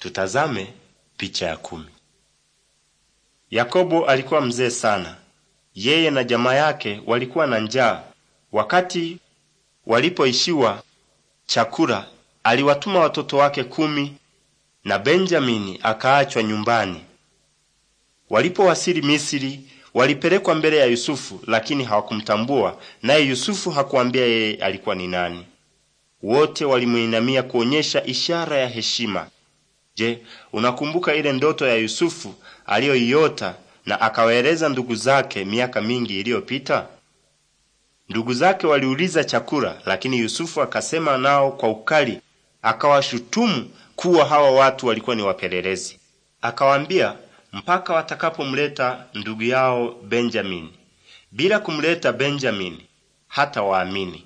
Tutazame picha ya kumi. Yakobo alikuwa mzee sana. Yeye na jamaa yake walikuwa na njaa. Wakati walipoishiwa chakula, aliwatuma watoto wake kumi na Benjamini akaachwa nyumbani. Walipowasili Misri, walipelekwa mbele ya Yusufu, lakini hawakumtambua, naye Yusufu hakuambia yeye alikuwa ni nani. Wote walimuinamia kuonyesha ishara ya heshima. Je, unakumbuka ile ndoto ya Yusufu aliyoiota na akawaeleza ndugu zake miaka mingi iliyopita? Ndugu zake waliuliza chakula, lakini Yusufu akasema nao kwa ukali, akawashutumu kuwa hawa watu walikuwa ni wapelelezi. Akawaambia mpaka watakapomleta ndugu yao Benjamini. Bila kumleta Benjamini hata waamini.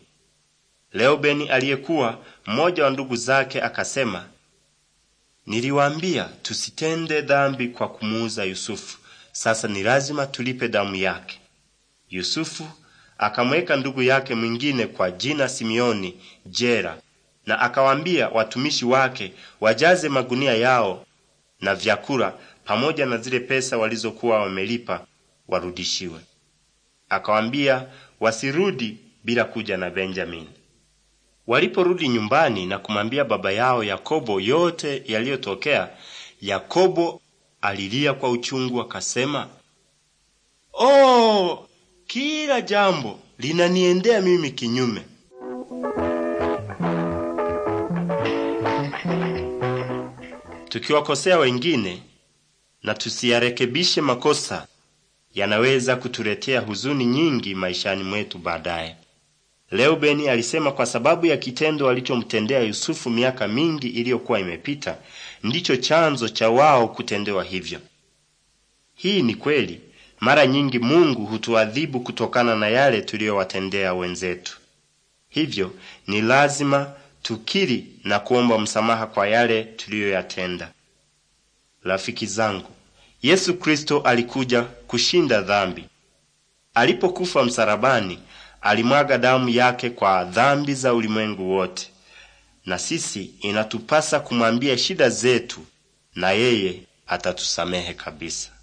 Reubeni aliyekuwa mmoja wa ndugu zake akasema, Niliwaambia tusitende dhambi kwa kumuuza Yusufu, sasa ni lazima tulipe damu yake. Yusufu akamweka ndugu yake mwingine kwa jina Simioni jera na akawaambia watumishi wake wajaze magunia yao na vyakula pamoja na zile pesa walizokuwa wamelipa warudishiwe. Akawaambia wasirudi bila kuja na Benjamini. Waliporudi nyumbani na kumwambia baba yao Yakobo yote yaliyotokea, Yakobo alilia kwa uchungu akasema, "Oh, kila jambo linaniendea mimi kinyume." Tukiwakosea wengine na tusiyarekebishe makosa yanaweza kutuletea huzuni nyingi maishani mwetu baadaye. Reubeni alisema kwa sababu ya kitendo alichomtendea Yusufu miaka mingi iliyokuwa imepita, ndicho chanzo cha wao kutendewa hivyo. Hii ni kweli. Mara nyingi Mungu hutuadhibu kutokana na yale tuliyowatendea wenzetu. Hivyo ni lazima tukiri na kuomba msamaha kwa yale tuliyoyatenda. Rafiki zangu, Yesu Kristo alikuja kushinda dhambi. Alipokufa msalabani, alimwaga damu yake kwa dhambi za ulimwengu wote, na sisi inatupasa kumwambia shida zetu, na yeye atatusamehe kabisa.